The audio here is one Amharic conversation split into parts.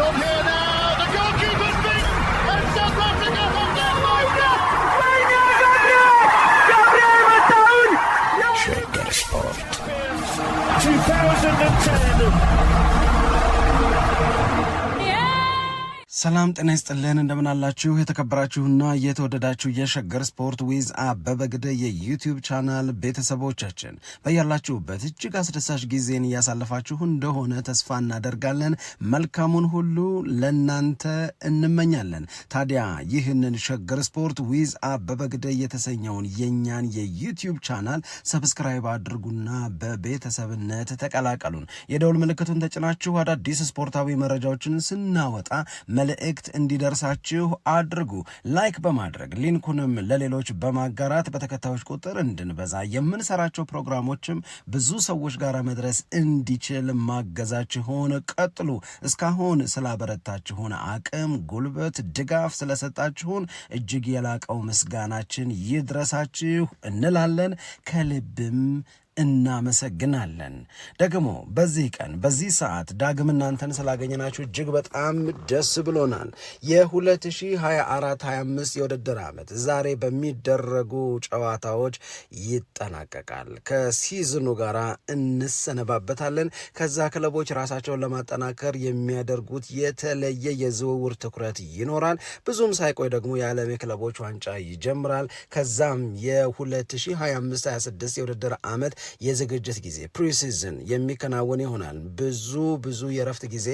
Don't hit. ሰላም ጤና ይስጥልን እንደምናላችሁ የተከበራችሁና የተወደዳችሁ የሸገር ስፖርት ዊዝ አበበ ግደይ የዩቲዩብ ቻናል ቤተሰቦቻችን በያላችሁበት እጅግ አስደሳች ጊዜን እያሳለፋችሁ እንደሆነ ተስፋ እናደርጋለን። መልካሙን ሁሉ ለናንተ እንመኛለን። ታዲያ ይህንን ሸገር ስፖርት ዊዝ አበበ ግደይ የተሰኘውን የእኛን የዩቲዩብ ቻናል ሰብስክራይብ አድርጉና በቤተሰብነት ተቀላቀሉን። የደውል ምልክቱን ተጭናችሁ አዳዲስ ስፖርታዊ መረጃዎችን ስናወጣ መልእክት እንዲደርሳችሁ አድርጉ። ላይክ በማድረግ ሊንኩንም ለሌሎች በማጋራት በተከታዮች ቁጥር እንድንበዛ የምንሰራቸው ፕሮግራሞችም ብዙ ሰዎች ጋር መድረስ እንዲችል ማገዛችሁን ቀጥሉ። እስካሁን ስላበረታችሁን አቅም፣ ጉልበት፣ ድጋፍ ስለሰጣችሁን እጅግ የላቀው ምስጋናችን ይድረሳችሁ እንላለን ከልብም እናመሰግናለን። ደግሞ በዚህ ቀን በዚህ ሰዓት ዳግም እናንተን ስላገኘናችሁ እጅግ በጣም ደስ ብሎናል። የ2024/25 የውድድር ዓመት ዛሬ በሚደረጉ ጨዋታዎች ይጠናቀቃል። ከሲዝኑ ጋር እንሰነባበታለን። ከዛ ክለቦች ራሳቸውን ለማጠናከር የሚያደርጉት የተለየ የዝውውር ትኩረት ይኖራል። ብዙም ሳይቆይ ደግሞ የዓለም የክለቦች ዋንጫ ይጀምራል። ከዛም የ2025/26 የውድድር ዓመት የዝግጅት ጊዜ ፕሪሲዝን የሚከናወን ይሆናል። ብዙ ብዙ የረፍት ጊዜ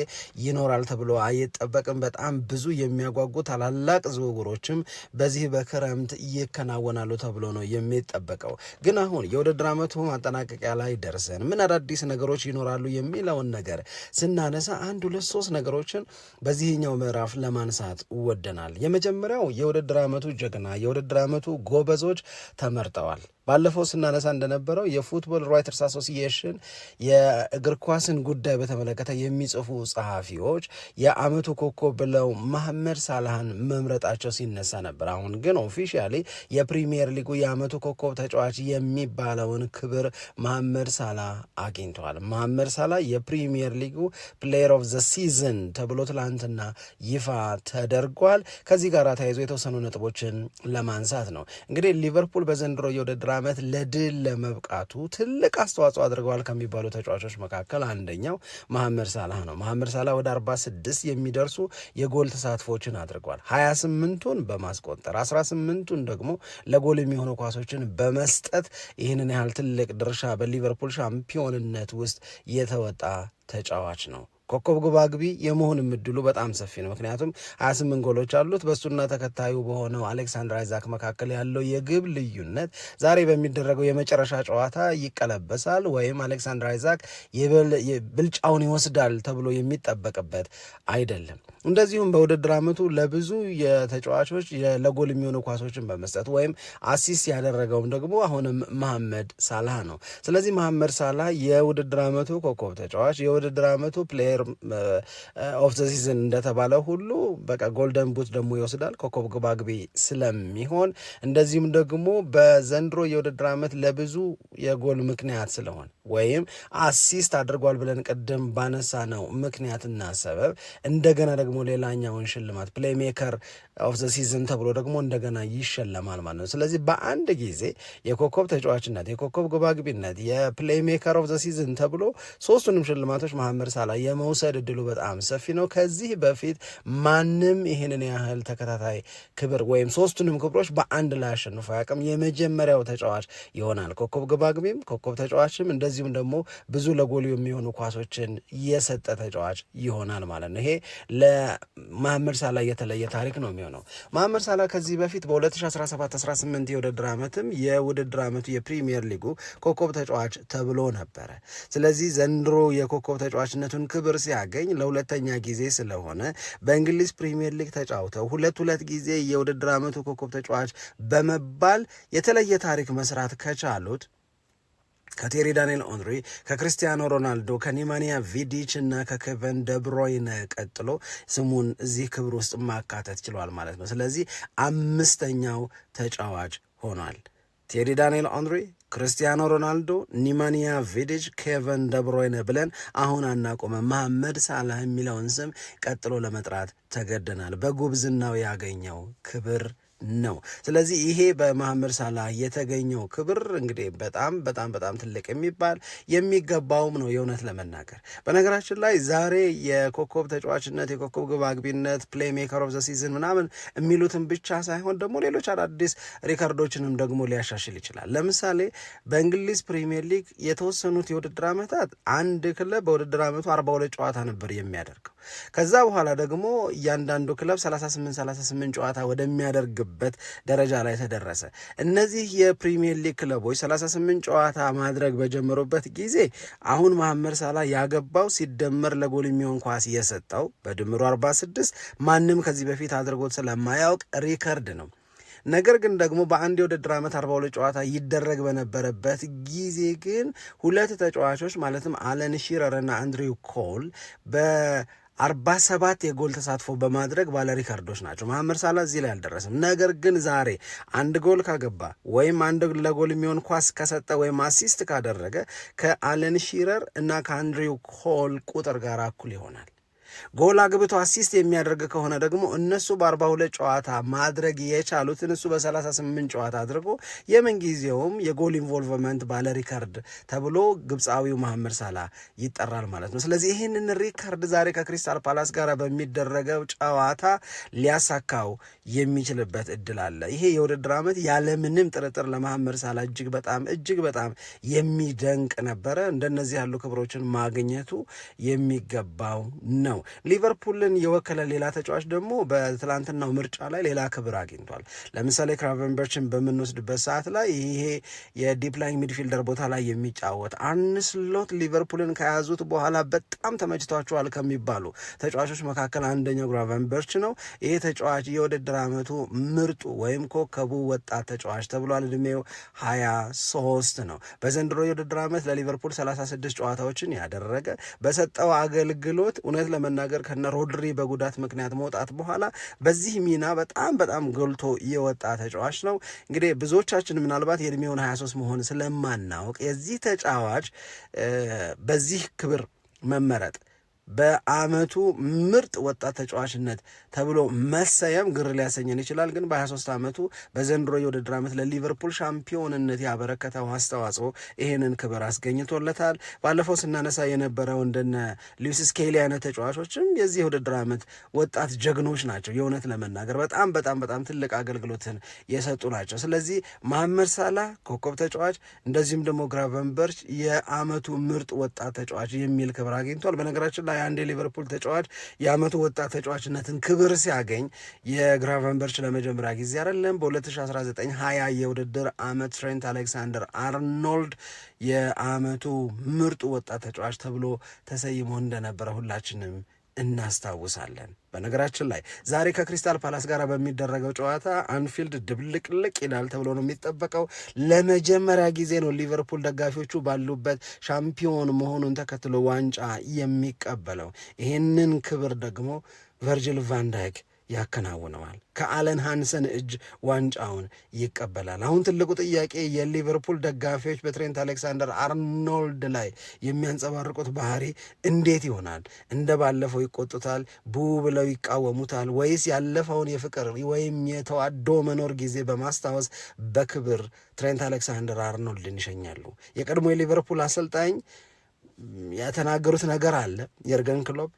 ይኖራል ተብሎ አይጠበቅም። በጣም ብዙ የሚያጓጉ ታላላቅ ዝውውሮችም በዚህ በክረምት ይከናወናሉ ተብሎ ነው የሚጠበቀው። ግን አሁን የውድድር ዓመቱ ማጠናቀቂያ ላይ ደርሰን ምን አዳዲስ ነገሮች ይኖራሉ የሚለውን ነገር ስናነሳ አንድ ሁለት ሶስት ነገሮችን በዚህኛው ምዕራፍ ለማንሳት ወደናል። የመጀመሪያው የውድድር ዓመቱ ጀግና የውድድር ዓመቱ ጎበዞች ተመርጠዋል። ባለፈው ስናነሳ እንደነበረው የፉትቦል ራይተርስ አሶሲዬሽን የእግር ኳስን ጉዳይ በተመለከተ የሚጽፉ ጸሐፊዎች የአመቱ ኮከብ ብለው መሐመድ ሳላህን መምረጣቸው ሲነሳ ነበር። አሁን ግን ኦፊሻሊ የፕሪሚየር ሊጉ የአመቱ ኮከብ ተጫዋች የሚባለውን ክብር መሐመድ ሳላህ አግኝተዋል። መሐመድ ሳላህ የፕሪሚየር ሊጉ ፕሌየር ኦፍ ዘ ሲዝን ተብሎ ትላንትና ይፋ ተደርጓል። ከዚህ ጋር ተያይዞ የተወሰኑ ነጥቦችን ለማንሳት ነው እንግዲህ ሊቨርፑል በዘንድሮ የውድድር ዓመት ለድል ለመብቃቱ ትልቅ አስተዋጽኦ አድርገዋል ከሚባሉ ተጫዋቾች መካከል አንደኛው መሐመድ ሳላህ ነው። መሐመድ ሳላህ ወደ 46 የሚደርሱ የጎል ተሳትፎችን አድርጓል። 28ቱን በማስቆጠር 18ቱን ደግሞ ለጎል የሚሆኑ ኳሶችን በመስጠት ይህንን ያህል ትልቅ ድርሻ በሊቨርፑል ሻምፒዮንነት ውስጥ የተወጣ ተጫዋች ነው። ኮከብ ግብ አግቢ የመሆን እድሉ በጣም ሰፊ ነው። ምክንያቱም ሀያ ስምንት ጎሎች አሉት። በሱና ተከታዩ በሆነው አሌክሳንድር አይዛክ መካከል ያለው የግብ ልዩነት ዛሬ በሚደረገው የመጨረሻ ጨዋታ ይቀለበሳል ወይም አሌክሳንድር አይዛክ ብልጫውን ይወስዳል ተብሎ የሚጠበቅበት አይደለም። እንደዚሁም በውድድር ዓመቱ ለብዙ የተጫዋቾች ለጎል የሚሆኑ ኳሶችን በመስጠት ወይም አሲስት ያደረገውም ደግሞ አሁንም መሐመድ ሳላህ ነው። ስለዚህ መሐመድ ሳላህ የውድድር ዓመቱ ኮከብ ተጫዋች የውድድር አመቱ ፕሌየር ፕሌየር ኦፍ ዘ ሲዝን እንደተባለ ሁሉ በቃ ጎልደን ቡት ደግሞ ይወስዳል ኮከብ ግብ አግቢ ስለሚሆን እንደዚሁም ደግሞ በዘንድሮ የውድድር ዓመት ለብዙ የጎል ምክንያት ስለሆነ ወይም አሲስት አድርጓል ብለን ቅድም ባነሳ ነው ምክንያትና ሰበብ እንደገና ደግሞ ሌላኛውን ሽልማት ፕሌሜከር ኦፍ ዘ ሲዝን ተብሎ ደግሞ እንደገና ይሸለማል ማለት ነው። ስለዚህ በአንድ ጊዜ የኮከብ ተጫዋችነት፣ የኮከብ ግባግቢነት፣ የፕሌሜከር ኦፍ ዘ ሲዝን ተብሎ ሶስቱንም ሽልማቶች መሐመድ ሳላ የመ የመውሰድ እድሉ በጣም ሰፊ ነው። ከዚህ በፊት ማንም ይህንን ያህል ተከታታይ ክብር ወይም ሶስቱንም ክብሮች በአንድ ላይ አሸንፎ አያውቅም። የመጀመሪያው ተጫዋች ይሆናል። ኮከብ ግባግቢም ኮከብ ተጫዋችም እንደዚሁም ደግሞ ብዙ ለጎል የሚሆኑ ኳሶችን የሰጠ ተጫዋች ይሆናል ማለት ነው። ይሄ ለመሐመድ ሳላ የተለየ ታሪክ ነው የሚሆነው። መሐመድ ሳላ ከዚህ በፊት በ2017/18 የውድድር ዓመትም የውድድር ዓመቱ የፕሪሚየር ሊጉ ኮከብ ተጫዋች ተብሎ ነበረ። ስለዚህ ዘንድሮ የኮከብ ተጫዋችነቱን ክብር ቁጥር ሲያገኝ ለሁለተኛ ጊዜ ስለሆነ በእንግሊዝ ፕሪሚየር ሊግ ተጫውተው ሁለት ሁለት ጊዜ የውድድር ዓመቱ ኮከብ ተጫዋች በመባል የተለየ ታሪክ መስራት ከቻሉት ከቴሪ ዳንኤል ኦንሪ ከክርስቲያኖ ሮናልዶ ከኒማኒያ ቪዲች እና ከኬቨን ደብሮይነ ቀጥሎ ስሙን እዚህ ክብር ውስጥ ማካተት ችሏል ማለት ነው። ስለዚህ አምስተኛው ተጫዋች ሆኗል። ቴሪ ዳንኤል ኦንሪ፣ ክርስቲያኖ ሮናልዶ፣ ኒማንያ ቪዲች፣ ኬቨን ደብሮይነ ብለን አሁን አናቆመ መሐመድ ሳላህ የሚለውን ስም ቀጥሎ ለመጥራት ተገደናል። በጉብዝናው ያገኘው ክብር ነው። ስለዚህ ይሄ በመሐመድ ሳላህ የተገኘው ክብር እንግዲህ በጣም በጣም በጣም ትልቅ የሚባል የሚገባውም ነው የእውነት ለመናገር በነገራችን ላይ ዛሬ የኮከብ ተጫዋችነት የኮከብ ግብ አግቢነት ፕሌይ ሜከር ኦፍ ዘ ሲዝን ምናምን የሚሉትን ብቻ ሳይሆን ደግሞ ሌሎች አዳዲስ ሪከርዶችንም ደግሞ ሊያሻሽል ይችላል። ለምሳሌ በእንግሊዝ ፕሪሚየር ሊግ የተወሰኑት የውድድር ዓመታት አንድ ክለብ በውድድር ዓመቱ 42 ጨዋታ ነበር የሚያደርገው ከዛ በኋላ ደግሞ እያንዳንዱ ክለብ 38 38 ጨዋታ ወደሚያደርግ የሚችልበት ደረጃ ላይ ተደረሰ። እነዚህ የፕሪሚየር ሊግ ክለቦች 38 ጨዋታ ማድረግ በጀመሩበት ጊዜ አሁን መሐመድ ሳላ ያገባው ሲደመር ለጎል የሚሆን ኳስ የሰጠው በድምሩ 46 ማንም ከዚህ በፊት አድርጎት ስለማያውቅ ሪከርድ ነው። ነገር ግን ደግሞ በአንድ የውድድር ዓመት 42 ጨዋታ ይደረግ በነበረበት ጊዜ ግን ሁለት ተጫዋቾች ማለትም አለን ሺረርና አንድሪው ኮል በ አርባ ሰባት የጎል ተሳትፎ በማድረግ ባለ ሪካርዶች ናቸው። መሐመድ ሳላ እዚህ ላይ አልደረሰም ነገር ግን ዛሬ አንድ ጎል ካገባ ወይም አንድ ለጎል የሚሆን ኳስ ከሰጠ ወይም አሲስት ካደረገ ከአለን ሺረር እና ከአንድሪው ኮል ቁጥር ጋር እኩል ይሆናል። ጎል አግብቶ አሲስት የሚያደርግ ከሆነ ደግሞ እነሱ በ42 ጨዋታ ማድረግ የቻሉትን እሱ በ38 ጨዋታ አድርጎ የምንጊዜውም የጎል ኢንቮልቭመንት ባለ ሪከርድ ተብሎ ግብፃዊው መሐመድ ሳላ ይጠራል ማለት ነው። ስለዚህ ይህንን ሪከርድ ዛሬ ከክሪስታል ፓላስ ጋር በሚደረገው ጨዋታ ሊያሳካው የሚችልበት እድል አለ። ይሄ የውድድር ዓመት ያለምንም ጥርጥር ለመሐመድ ሳላ እጅግ በጣም እጅግ በጣም የሚደንቅ ነበረ። እንደነዚህ ያሉ ክብሮችን ማግኘቱ የሚገባው ነው። ሊቨርፑልን የወከለ ሌላ ተጫዋች ደግሞ በትላንትናው ምርጫ ላይ ሌላ ክብር አግኝቷል። ለምሳሌ ክራቨንበርችን በምንወስድበት ሰዓት ላይ ይሄ የዲፕላይንግ ሚድፊልደር ቦታ ላይ የሚጫወት አንስሎት ሊቨርፑልን ከያዙት በኋላ በጣም ተመችቷቸዋል ከሚባሉ ተጫዋቾች መካከል አንደኛው ክራቨንበርች ነው። ይሄ ተጫዋች የውድድር ዓመቱ ምርጡ ወይም ኮከቡ ወጣት ተጫዋች ተብሏል። እድሜው ሀያ ሶስት ነው። በዘንድሮ የውድድር ዓመት ለሊቨርፑል 36 ጨዋታዎችን ያደረገ በሰጠው አገልግሎት እውነት ለመ ለመናገር ከነ ሮድሪ በጉዳት ምክንያት መውጣት በኋላ በዚህ ሚና በጣም በጣም ጎልቶ የወጣ ተጫዋች ነው። እንግዲህ ብዙዎቻችን ምናልባት የእድሜውን 23 መሆን ስለማናውቅ የዚህ ተጫዋች በዚህ ክብር መመረጥ በአመቱ ምርጥ ወጣት ተጫዋችነት ተብሎ መሰየም ግር ሊያሰኘን ይችላል። ግን በ23 ዓመቱ በዘንድሮ የውድድር ዓመት ለሊቨርፑል ሻምፒዮንነት ያበረከተው አስተዋጽኦ ይህንን ክብር አስገኝቶለታል። ባለፈው ስናነሳ የነበረው እንደነ ሉዊስ ስኬሊ አይነት ተጫዋቾችም የዚህ የውድድር ዓመት ወጣት ጀግኖች ናቸው። የእውነት ለመናገር በጣም በጣም በጣም ትልቅ አገልግሎትን የሰጡ ናቸው። ስለዚህ መሐመድ ሳላ ኮከብ ተጫዋች፣ እንደዚሁም ደግሞ ግራቨንበርች የአመቱ ምርጥ ወጣት ተጫዋች የሚል ክብር አግኝቷል። በነገራችን ላይ አንድ የሊቨርፑል ተጫዋች የአመቱ ወጣት ተጫዋችነትን ክብር ሲያገኝ የግራቨንበርች ለመጀመሪያ ጊዜ አይደለም። በ2019 20 የውድድር አመት ትሬንት አሌክሳንደር አርኖልድ የአመቱ ምርጡ ወጣት ተጫዋች ተብሎ ተሰይሞ እንደነበረ ሁላችንም እናስታውሳለን። በነገራችን ላይ ዛሬ ከክሪስታል ፓላስ ጋር በሚደረገው ጨዋታ አንፊልድ ድብልቅልቅ ይላል ተብሎ ነው የሚጠበቀው። ለመጀመሪያ ጊዜ ነው ሊቨርፑል ደጋፊዎቹ ባሉበት ሻምፒዮን መሆኑን ተከትሎ ዋንጫ የሚቀበለው። ይህንን ክብር ደግሞ ቨርጅል ቫንዳይክ ያከናውነዋል። ከአለን ሃንሰን እጅ ዋንጫውን ይቀበላል። አሁን ትልቁ ጥያቄ የሊቨርፑል ደጋፊዎች በትሬንት አሌክሳንደር አርኖልድ ላይ የሚያንጸባርቁት ባህሪ እንዴት ይሆናል? እንደ ባለፈው ይቆጡታል? ቡ ብለው ይቃወሙታል? ወይስ ያለፈውን የፍቅር ወይም የተዋዶ መኖር ጊዜ በማስታወስ በክብር ትሬንት አሌክሳንደር አርኖልድን ይሸኛሉ? የቀድሞ የሊቨርፑል አሰልጣኝ የተናገሩት ነገር አለ የርገን ክሎፕ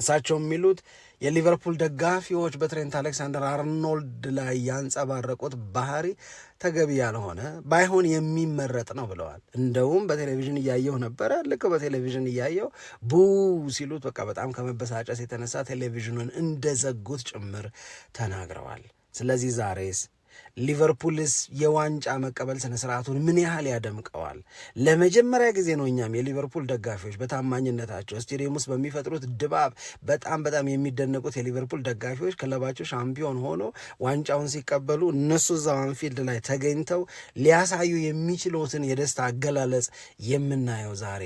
እሳቸው የሚሉት የሊቨርፑል ደጋፊዎች በትሬንት አሌክሳንደር አርኖልድ ላይ ያንጸባረቁት ባህሪ ተገቢ ያልሆነ ባይሆን የሚመረጥ ነው ብለዋል። እንደውም በቴሌቪዥን እያየው ነበረ። ልክ በቴሌቪዥን እያየው ቡ ሲሉት በቃ በጣም ከመበሳጨት የተነሳ ቴሌቪዥኑን እንደዘጉት ጭምር ተናግረዋል። ስለዚህ ዛሬስ ሊቨርፑልስ የዋንጫ መቀበል ስነ ስርዓቱን ምን ያህል ያደምቀዋል? ለመጀመሪያ ጊዜ ነው እኛም የሊቨርፑል ደጋፊዎች በታማኝነታቸው ስቴዲየም ውስጥ በሚፈጥሩት ድባብ በጣም በጣም የሚደነቁት የሊቨርፑል ደጋፊዎች ክለባቸው ሻምፒዮን ሆኖ ዋንጫውን ሲቀበሉ እነሱ እዛው አንፊልድ ላይ ተገኝተው ሊያሳዩ የሚችሉትን የደስታ አገላለጽ የምናየው ዛሬ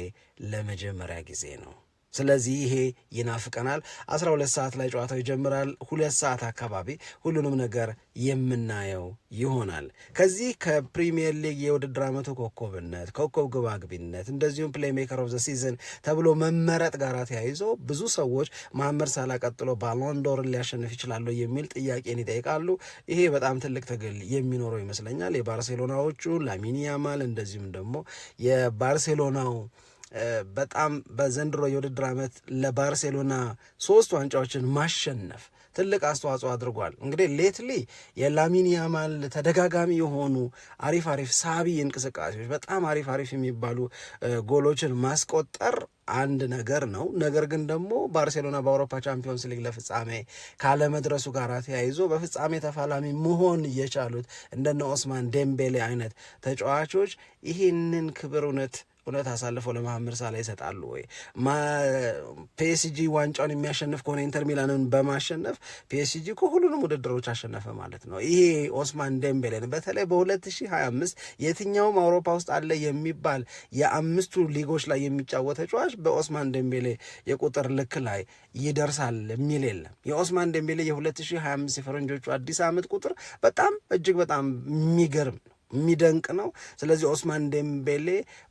ለመጀመሪያ ጊዜ ነው። ስለዚህ ይሄ ይናፍቀናል። 12 ሰዓት ላይ ጨዋታው ይጀምራል። ሁለት ሰዓት አካባቢ ሁሉንም ነገር የምናየው ይሆናል። ከዚህ ከፕሪሚየር ሊግ የውድድር ዓመቱ ኮከብነት፣ ኮከብ ግባግቢነት እንደዚሁም ፕሌሜከር ኦፍ ዘ ሲዝን ተብሎ መመረጥ ጋር ተያይዞ ብዙ ሰዎች መሐመድ ሳላ ቀጥሎ ባሎንዶርን ሊያሸንፍ ይችላሉ የሚል ጥያቄን ይጠይቃሉ። ይሄ በጣም ትልቅ ትግል የሚኖረው ይመስለኛል። የባርሴሎናዎቹ ላሚን ያማል እንደዚሁም ደግሞ የባርሴሎናው በጣም በዘንድሮ የውድድር ዓመት ለባርሴሎና ሶስት ዋንጫዎችን ማሸነፍ ትልቅ አስተዋጽኦ አድርጓል። እንግዲህ ሌትሊ የላሚን ያማል ተደጋጋሚ የሆኑ አሪፍ አሪፍ ሳቢ እንቅስቃሴዎች፣ በጣም አሪፍ አሪፍ የሚባሉ ጎሎችን ማስቆጠር አንድ ነገር ነው። ነገር ግን ደግሞ ባርሴሎና በአውሮፓ ቻምፒዮንስ ሊግ ለፍጻሜ ካለመድረሱ ጋር ተያይዞ በፍጻሜ ተፋላሚ መሆን የቻሉት እንደነ ኦስማን ዴምቤሌ አይነት ተጫዋቾች ይህንን ክብር እውነት እውነት አሳልፈው ለመሐመድ ሳላ ይሰጣሉ ወይ? ፒኤስጂ ዋንጫውን የሚያሸንፍ ከሆነ ኢንተር ሚላንን በማሸነፍ ፒኤስጂ እኮ ሁሉንም ውድድሮች አሸነፈ ማለት ነው። ይሄ ኦስማን ደምቤሌን በተለይ በ2025 የትኛውም አውሮፓ ውስጥ አለ የሚባል የአምስቱ ሊጎች ላይ የሚጫወት ተጫዋች በኦስማን ደምቤሌ የቁጥር ልክ ላይ ይደርሳል የሚል የለም። የኦስማን ደምቤሌ የ2025 የፈረንጆቹ አዲስ ዓመት ቁጥር በጣም እጅግ በጣም የሚገርም ነው። የሚደንቅ ነው። ስለዚህ ኦስማን ዴምቤሌ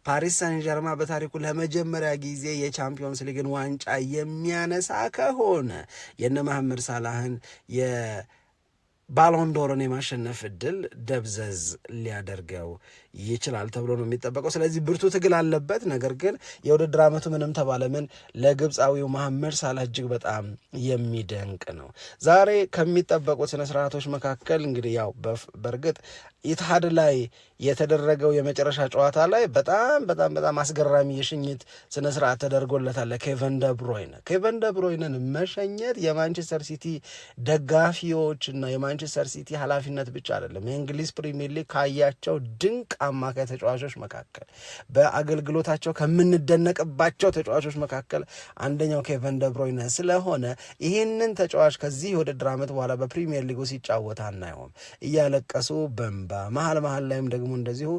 ፓሪስ ሳን ጀርማ በታሪኩ ለመጀመሪያ ጊዜ የቻምፒዮንስ ሊግን ዋንጫ የሚያነሳ ከሆነ የነ መሐመድ ሳላህን የባሎንዶርን የማሸነፍ እድል ደብዘዝ ሊያደርገው ይችላል ተብሎ ነው የሚጠበቀው። ስለዚህ ብርቱ ትግል አለበት። ነገር ግን የውድድር ዓመቱ ምንም ተባለ ምን ለግብፃዊው መሐመድ ሳላህ እጅግ በጣም የሚደንቅ ነው። ዛሬ ከሚጠበቁት ስነስርዓቶች መካከል እንግዲህ ያው በእርግጥ ኢትሃድ ላይ የተደረገው የመጨረሻ ጨዋታ ላይ በጣም በጣም በጣም አስገራሚ የሽኝት ስነስርዓት ተደርጎለታል። ኬቨን ደብሮይነ ኬቨን ደብሮይነን መሸኘት የማንቸስተር ሲቲ ደጋፊዎች እና የማንቸስተር ሲቲ ኃላፊነት ብቻ አይደለም። የእንግሊዝ ፕሪሚየር ሊግ ካያቸው ድንቅ አማካይ ተጫዋቾች መካከል በአገልግሎታቸው ከምንደነቅባቸው ተጫዋቾች መካከል አንደኛው ኬቨን ደብሮይነ ስለሆነ ይህንን ተጫዋች ከዚህ ውድድር ዓመት በኋላ በፕሪሚየር ሊጉ ሲጫወት አናየውም። እያለቀሱ በንባ መሀል መሀል ላይም ደግሞ እንደዚሁ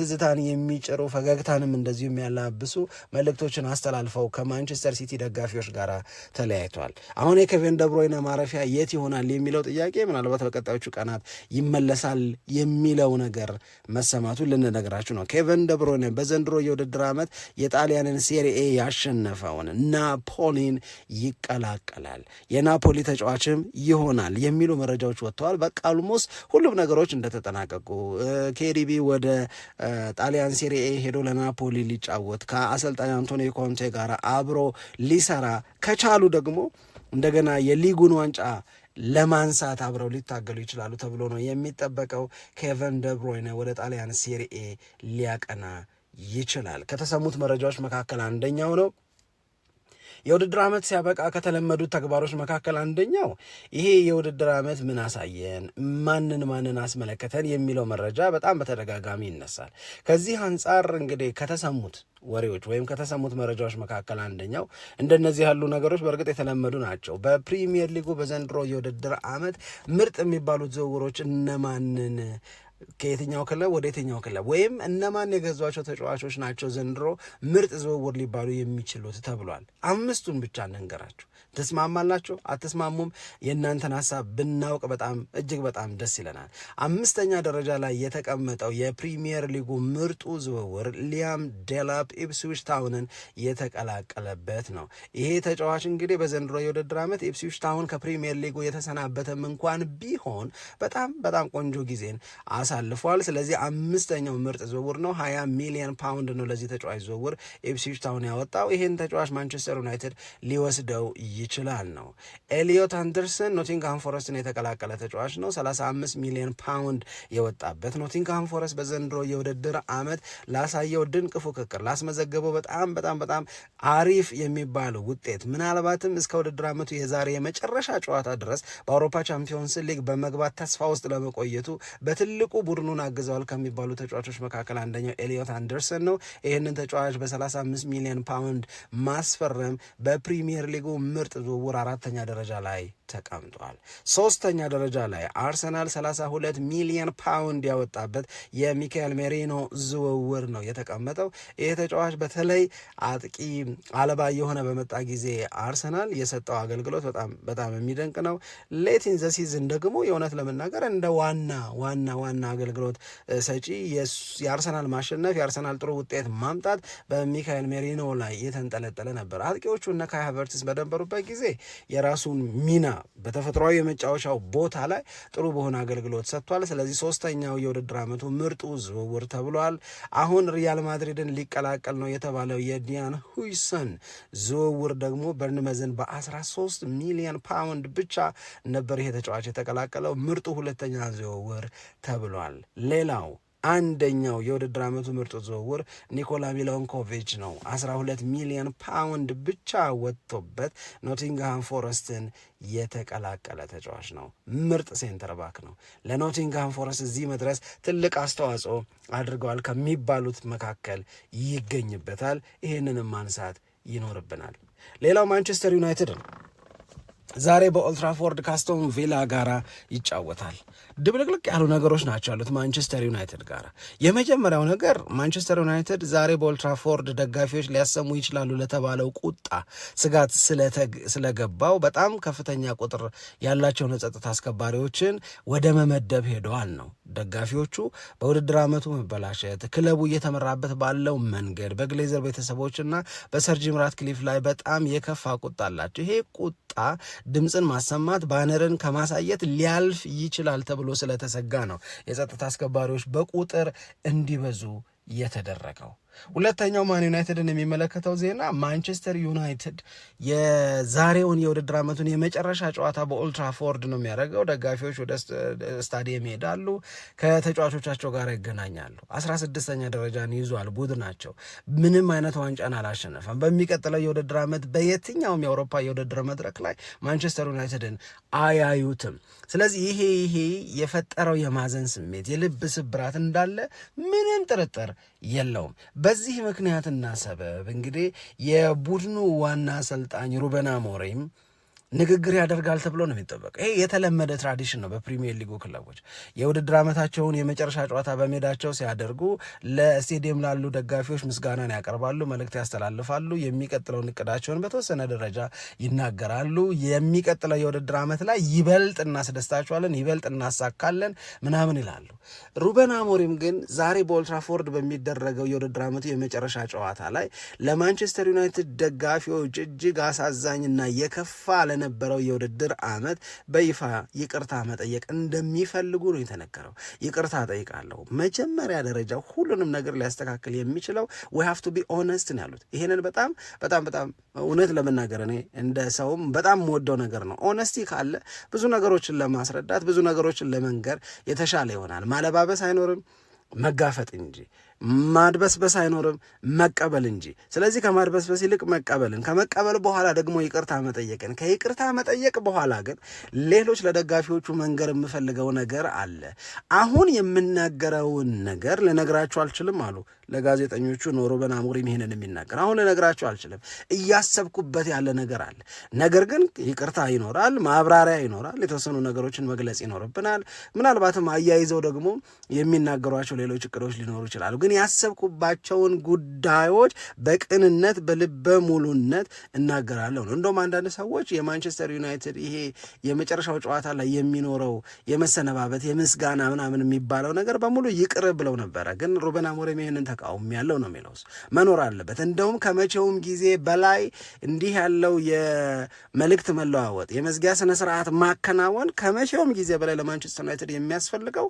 ትዝታን የሚጭሩ ፈገግታንም እንደዚሁ የሚያላብሱ መልእክቶችን አስተላልፈው ከማንቸስተር ሲቲ ደጋፊዎች ጋር ተለያይቷል። አሁን የኬቨን ደብሮይነ ማረፊያ የት ይሆናል የሚለው ጥያቄ ምናልባት በቀጣዮቹ ቀናት ይመለሳል የሚለው ነገር መሰማቱ ምክንያቱን ልንነግራችሁ ነው። ኬቨን ደብሮይነ በዘንድሮ የውድድር ዓመት የጣሊያንን ሴሪኤ ያሸነፈውን ናፖሊን ይቀላቀላል፣ የናፖሊ ተጫዋችም ይሆናል የሚሉ መረጃዎች ወጥተዋል። በቃ አልሞስ ሁሉም ነገሮች እንደተጠናቀቁ ኬዲቢ ወደ ጣሊያን ሴሪኤ ሄዶ ለናፖሊ ሊጫወት ከአሰልጣኝ አንቶኒ ኮንቴ ጋር አብሮ ሊሰራ ከቻሉ ደግሞ እንደገና የሊጉን ዋንጫ ለማንሳት አብረው ሊታገሉ ይችላሉ ተብሎ ነው የሚጠበቀው። ኬቨን ደብሮይነ ወደ ጣሊያን ሴሪኤ ሊያቀና ይችላል። ከተሰሙት መረጃዎች መካከል አንደኛው ነው። የውድድር ዓመት ሲያበቃ ከተለመዱት ተግባሮች መካከል አንደኛው ይሄ የውድድር ዓመት ምን አሳየን፣ ማንን ማንን አስመለከተን የሚለው መረጃ በጣም በተደጋጋሚ ይነሳል። ከዚህ አንጻር እንግዲህ ከተሰሙት ወሬዎች ወይም ከተሰሙት መረጃዎች መካከል አንደኛው እንደነዚህ ያሉ ነገሮች በእርግጥ የተለመዱ ናቸው። በፕሪሚየር ሊጉ በዘንድሮ የውድድር ዓመት ምርጥ የሚባሉት ዝውውሮች እነማንን ከየትኛው ክለብ ወደ የትኛው ክለብ ወይም እነማን የገዟቸው ተጫዋቾች ናቸው ዘንድሮ ምርጥ ዝውውር ሊባሉ የሚችሉት ተብሏል። አምስቱን ብቻ እንንገራችሁ። ትስማማላችሁ? አትስማሙም? የእናንተን ሀሳብ ብናውቅ በጣም እጅግ በጣም ደስ ይለናል። አምስተኛ ደረጃ ላይ የተቀመጠው የፕሪሚየር ሊጉ ምርጡ ዝውውር ሊያም ዴላፕ ኢፕስዊች ታውንን የተቀላቀለበት ነው። ይሄ ተጫዋች እንግዲህ በዘንድሮ የውድድር ዓመት ኢፕስዊች ታውን ከፕሪሚየር ሊጉ የተሰናበተም እንኳን ቢሆን በጣም በጣም ቆንጆ ጊዜን አሳልፏል። ስለዚህ አምስተኛው ምርጥ ዝውውር ነው። ሀያ ሚሊዮን ፓውንድ ነው ለዚህ ተጫዋች ዝውውር ኢፕስዊች ታውን ያወጣው። ይህን ተጫዋች ማንቸስተር ዩናይትድ ሊወስደው ይችላል ነው። ኤሊዮት አንደርሰን ኖቲንግሃም ፎረስትን የተቀላቀለ ተጫዋች ነው። 35 ሚሊዮን ፓውንድ የወጣበት ኖቲንግሃም ፎረስት በዘንድሮ የውድድር ዓመት ላሳየው ድንቅ ፉክክር ላስመዘገበው በጣም በጣም በጣም አሪፍ የሚባለው ውጤት ምናልባትም እስከ ውድድር ዓመቱ የዛሬ የመጨረሻ ጨዋታ ድረስ በአውሮፓ ቻምፒዮንስ ሊግ በመግባት ተስፋ ውስጥ ለመቆየቱ በትልቁ ቡድኑን አግዘዋል ከሚባሉ ተጫዋቾች መካከል አንደኛው ኤሊዮት አንደርሰን ነው። ይህንን ተጫዋች በ35 ሚሊዮን ፓውንድ ማስፈረም በፕሪሚየር ሊጉ ምርጥ ዝውውር አራተኛ ደረጃ ላይ ተቀምጧል። ሶስተኛ ደረጃ ላይ አርሰናል 32 ሚሊዮን ፓውንድ ያወጣበት የሚካኤል ሜሪኖ ዝውውር ነው የተቀመጠው። ይህ ተጫዋች በተለይ አጥቂ አልባ የሆነ በመጣ ጊዜ አርሰናል የሰጠው አገልግሎት በጣም በጣም የሚደንቅ ነው። ሌቲን ዘሲዝን ደግሞ የእውነት ለመናገር እንደ ዋና ዋና ዋና አገልግሎት ሰጪ የአርሰናል ማሸነፍ የአርሰናል ጥሩ ውጤት ማምጣት በሚካኤል ሜሪኖ ላይ የተንጠለጠለ ነበር። አጥቂዎቹ እነ ካይ ሃቨርትስ በነበሩበት ጊዜ የራሱን ሚና በተፈጥሯዊ የመጫወቻው ቦታ ላይ ጥሩ በሆነ አገልግሎት ሰጥቷል። ስለዚህ ሶስተኛው የውድድር ዓመቱ ምርጡ ዝውውር ተብሏል። አሁን ሪያል ማድሪድን ሊቀላቀል ነው የተባለው የዲያን ሁይሰን ዝውውር ደግሞ በርንመዝን በ13 ሚሊዮን ፓውንድ ብቻ ነበር ይሄ ተጫዋች የተቀላቀለው። ምርጡ ሁለተኛ ዝውውር ተብሏል። ሌላው አንደኛው የውድድር ዓመቱ ምርጡ ዝውውር ኒኮላ ሚሎንኮቪች ነው። 12 ሚሊዮን ፓውንድ ብቻ ወጥቶበት ኖቲንግሃም ፎረስትን የተቀላቀለ ተጫዋች ነው። ምርጥ ሴንተር ባክ ነው። ለኖቲንግሃም ፎረስት እዚህ መድረስ ትልቅ አስተዋጽኦ አድርገዋል ከሚባሉት መካከል ይገኝበታል። ይህንንም ማንሳት ይኖርብናል። ሌላው ማንቸስተር ዩናይትድ ነው። ዛሬ በኦልትራፎርድ ካስቶን ቪላ ጋራ ይጫወታል። ድብልቅልቅ ያሉ ነገሮች ናቸው ያሉት ማንቸስተር ዩናይትድ ጋር። የመጀመሪያው ነገር ማንቸስተር ዩናይትድ ዛሬ በኦልትራፎርድ ደጋፊዎች ሊያሰሙ ይችላሉ ለተባለው ቁጣ ስጋት ስለገባው በጣም ከፍተኛ ቁጥር ያላቸውን ጸጥታ አስከባሪዎችን ወደ መመደብ ሄደዋል ነው ደጋፊዎቹ በውድድር ዓመቱ መበላሸት ክለቡ እየተመራበት ባለው መንገድ በግሌዘር ቤተሰቦችና በሰር ጂም ራትክሊፍ ላይ በጣም የከፋ ቁጣ አላቸው። ይሄ ቁጣ ድምፅን ማሰማት ባነርን ከማሳየት ሊያልፍ ይችላል ተብሎ ተብሎ ስለተሰጋ ነው የጸጥታ አስከባሪዎች በቁጥር እንዲበዙ የተደረገው። ሁለተኛው ማን ዩናይትድን የሚመለከተው ዜና ማንቸስተር ዩናይትድ የዛሬውን የውድድር ዓመቱን የመጨረሻ ጨዋታ በኦልትራፎርድ ነው የሚያደርገው። ደጋፊዎች ወደ ስታዲየም ይሄዳሉ፣ ከተጫዋቾቻቸው ጋር ይገናኛሉ። አስራ ስድስተኛ ደረጃን ይዟል ቡድናቸው። ምንም አይነት ዋንጫን አላሸነፈም። በሚቀጥለው የውድድር ዓመት በየትኛውም የአውሮፓ የውድድር መድረክ ላይ ማንቸስተር ዩናይትድን አያዩትም። ስለዚህ ይሄ ይሄ የፈጠረው የማዘን ስሜት የልብ ስብራት እንዳለ ምንም ጥርጥር የለውም። በዚህ ምክንያትና ሰበብ እንግዲህ የቡድኑ ዋና አሰልጣኝ ሩበን አሞሪም ንግግር ያደርጋል ተብሎ ነው የሚጠበቀው። ይሄ የተለመደ ትራዲሽን ነው በፕሪሚየር ሊጉ ክለቦች የውድድር ዓመታቸውን የመጨረሻ ጨዋታ በሜዳቸው ሲያደርጉ ለስቴዲየም ላሉ ደጋፊዎች ምስጋናን ያቀርባሉ፣ መልእክት ያስተላልፋሉ፣ የሚቀጥለውን እቅዳቸውን በተወሰነ ደረጃ ይናገራሉ። የሚቀጥለው የውድድር ዓመት ላይ ይበልጥ እናስደስታቸዋለን፣ ይበልጥ እናሳካለን ምናምን ይላሉ። ሩበን አሞሪም ግን ዛሬ በኦልትራፎርድ በሚደረገው የውድድር ዓመቱ የመጨረሻ ጨዋታ ላይ ለማንቸስተር ዩናይትድ ደጋፊዎች እጅግ አሳዛኝና የከፋ ለነበረው የውድድር ዓመት በይፋ ይቅርታ መጠየቅ እንደሚፈልጉ ነው የተነገረው። ይቅርታ ጠይቃለሁ። መጀመሪያ ደረጃ ሁሉንም ነገር ሊያስተካክል የሚችለው ዊ ሃቭ ቱ ቢ ኦነስት ነው ያሉት። ይሄንን በጣም በጣም በጣም እውነት ለመናገር እኔ እንደ ሰውም በጣም ወደው ነገር ነው። ኦነስቲ ካለ ብዙ ነገሮችን ለማስረዳት ብዙ ነገሮችን ለመንገር የተሻለ ይሆናል። ማለባበስ አይኖርም መጋፈጥ እንጂ ማድበስበስ አይኖርም መቀበል እንጂ። ስለዚህ ከማድበስበስ ይልቅ መቀበልን፣ ከመቀበል በኋላ ደግሞ ይቅርታ መጠየቅን፣ ከይቅርታ መጠየቅ በኋላ ግን ሌሎች ለደጋፊዎቹ መንገር የምፈልገው ነገር አለ። አሁን የምናገረውን ነገር ልነግራችሁ አልችልም አሉ ለጋዜጠኞቹ። ሩበን አሞሪም ይሄንን የሚናገር አሁን ልነግራችሁ አልችልም፣ እያሰብኩበት ያለ ነገር አለ። ነገር ግን ይቅርታ ይኖራል፣ ማብራሪያ ይኖራል፣ የተወሰኑ ነገሮችን መግለጽ ይኖርብናል። ምናልባትም አያይዘው ደግሞ የሚናገሯቸው ሌሎች እቅዶች ሊኖሩ ይችላሉ። ግን ያሰብኩባቸውን ጉዳዮች በቅንነት በልበ ሙሉነት እናገራለሁ ነው። እንደውም አንዳንድ ሰዎች የማንቸስተር ዩናይትድ ይሄ የመጨረሻው ጨዋታ ላይ የሚኖረው የመሰነባበት የምስጋና ምናምን የሚባለው ነገር በሙሉ ይቅር ብለው ነበረ። ግን ሩበን አሞሪም ይህንን ተቃውም ያለው ነው የሚለውስ መኖር አለበት። እንደውም ከመቼውም ጊዜ በላይ እንዲህ ያለው የመልእክት መለዋወጥ የመዝጊያ ስነ ስርዓት ማከናወን ከመቼውም ጊዜ በላይ ለማንቸስተር ዩናይትድ የሚያስፈልገው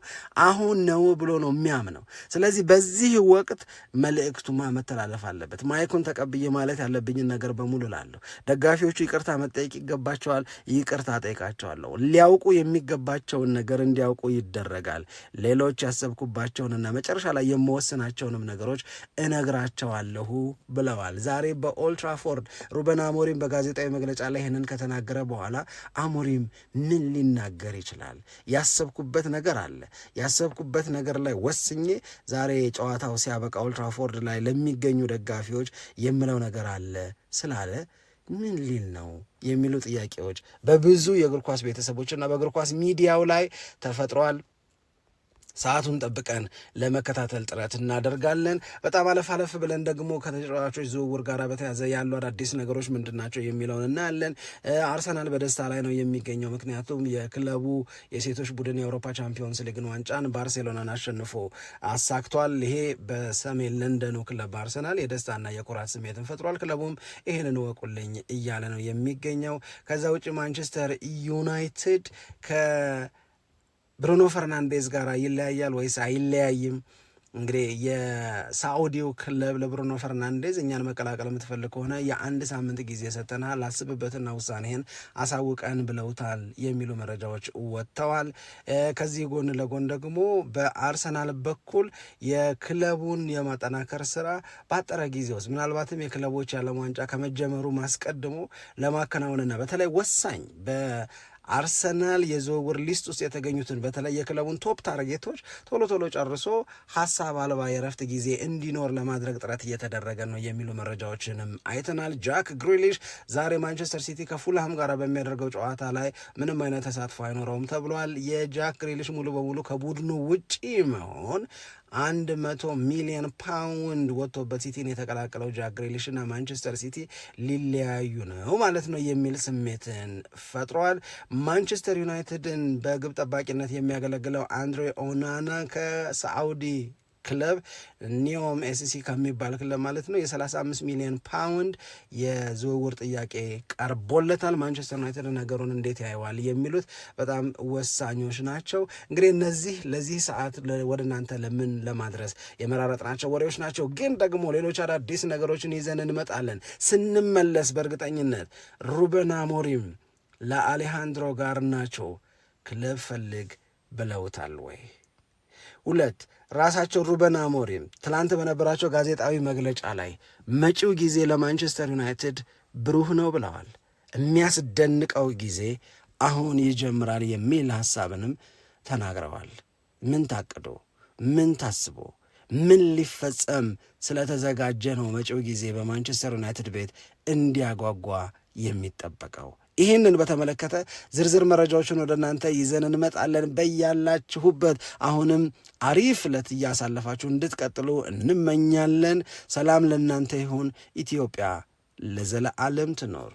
አሁን ነው ብሎ ነው የሚያምነው። ስለዚህ በዚህ በዚህ ወቅት መልእክቱ መተላለፍ አለበት። ማይኩን ተቀብዬ ማለት ያለብኝን ነገር በሙሉ ላለሁ። ደጋፊዎቹ ይቅርታ መጠየቅ ይገባቸዋል፣ ይቅርታ ጠይቃቸዋለሁ። ሊያውቁ የሚገባቸውን ነገር እንዲያውቁ ይደረጋል። ሌሎች ያሰብኩባቸውንና መጨረሻ ላይ የምወስናቸውንም ነገሮች እነግራቸዋለሁ ብለዋል። ዛሬ በኦልትራፎርድ ሩበን አሞሪም በጋዜጣዊ መግለጫ ላይ ይህንን ከተናገረ በኋላ አሞሪም ምን ሊናገር ይችላል? ያሰብኩበት ነገር አለ። ያሰብኩበት ነገር ላይ ወስኜ ዛሬ ጨዋታ ጨዋታው ሲያበቃ ኦልትራፎርድ ላይ ለሚገኙ ደጋፊዎች የምለው ነገር አለ ስላለ ምን ሊል ነው የሚሉ ጥያቄዎች በብዙ የእግር ኳስ ቤተሰቦችና በእግር ኳስ ሚዲያው ላይ ተፈጥሯል። ሰዓቱን ጠብቀን ለመከታተል ጥረት እናደርጋለን። በጣም አለፍ አለፍ ብለን ደግሞ ከተጫዋቾች ዝውውር ጋር በተያዘ ያሉ አዳዲስ ነገሮች ምንድን ናቸው የሚለውን እናያለን። አርሰናል በደስታ ላይ ነው የሚገኘው። ምክንያቱም የክለቡ የሴቶች ቡድን የአውሮፓ ቻምፒዮንስ ሊግን ዋንጫን ባርሴሎናን አሸንፎ አሳክቷል። ይሄ በሰሜን ለንደኑ ክለብ አርሰናል የደስታና የኩራት ስሜትን ፈጥሯል። ክለቡም ይህንን ወቁልኝ እያለ ነው የሚገኘው። ከዛ ውጭ ማንቸስተር ዩናይትድ ከ ብሩኖ ፈርናንዴዝ ጋር ይለያያል ወይስ አይለያይም? እንግዲህ የሳዑዲው ክለብ ለብሩኖ ፈርናንዴዝ እኛን መቀላቀል የምትፈልግ ከሆነ የአንድ ሳምንት ጊዜ ሰጠናል፣ ላስብበትና ውሳኔህን አሳውቀን ብለውታል የሚሉ መረጃዎች ወጥተዋል። ከዚህ ጎን ለጎን ደግሞ በአርሰናል በኩል የክለቡን የማጠናከር ስራ ባጠረ ጊዜ ውስጥ ምናልባትም የክለቦች የዓለም ዋንጫ ከመጀመሩ ማስቀድሞ ለማከናወንና በተለይ ወሳኝ በ አርሰናል የዝውውር ሊስት ውስጥ የተገኙትን በተለይ የክለቡን ቶፕ ታርጌቶች ቶሎ ቶሎ ጨርሶ ሀሳብ አልባ የረፍት ጊዜ እንዲኖር ለማድረግ ጥረት እየተደረገ ነው የሚሉ መረጃዎችንም አይተናል። ጃክ ግሪሊሽ ዛሬ ማንቸስተር ሲቲ ከፉልሃም ጋር በሚያደርገው ጨዋታ ላይ ምንም አይነት ተሳትፎ አይኖረውም ተብሏል። የጃክ ግሪሊሽ ሙሉ በሙሉ ከቡድኑ ውጪ መሆን አንድ መቶ ሚሊዮን ፓውንድ ወጥቶበት ሲቲን የተቀላቀለው ጃክ ግሪሊሽ እና ማንቸስተር ሲቲ ሊለያዩ ነው ማለት ነው የሚል ስሜትን ፈጥሯል። ማንቸስተር ዩናይትድን በግብ ጠባቂነት የሚያገለግለው አንድሬ ኦናና ከሳዑዲ ክለብ ኒዮም ኤስሲ ከሚባል ክለብ ማለት ነው የ35 ሚሊዮን ፓውንድ የዝውውር ጥያቄ ቀርቦለታል። ማንቸስተር ዩናይትድ ነገሩን እንዴት ያየዋል የሚሉት በጣም ወሳኞች ናቸው። እንግዲህ እነዚህ ለዚህ ሰዓት ወደ እናንተ ለምን ለማድረስ የመራረጥናቸው ወሬዎች ናቸው። ግን ደግሞ ሌሎች አዳዲስ ነገሮችን ይዘን እንመጣለን። ስንመለስ በእርግጠኝነት ሩበን አሞሪም ለአሌሃንድሮ ናቸው ክለብ ፈልግ ብለውታል ወይ? ሁለት ራሳቸው ሩበን አሞሪም ትላንት በነበራቸው ጋዜጣዊ መግለጫ ላይ መጪው ጊዜ ለማንቸስተር ዩናይትድ ብሩህ ነው ብለዋል። የሚያስደንቀው ጊዜ አሁን ይጀምራል የሚል ሐሳብንም ተናግረዋል። ምን ታቅዶ ምን ታስቦ ምን ሊፈጸም ስለተዘጋጀ ነው መጪው ጊዜ በማንቸስተር ዩናይትድ ቤት እንዲያጓጓ የሚጠበቀው? ይህንን በተመለከተ ዝርዝር መረጃዎችን ወደ እናንተ ይዘን እንመጣለን። በያላችሁበት አሁንም አሪፍ ዕለት እያሳለፋችሁ እንድትቀጥሉ እንመኛለን። ሰላም ለእናንተ ይሁን። ኢትዮጵያ ለዘለዓለም ትኖር።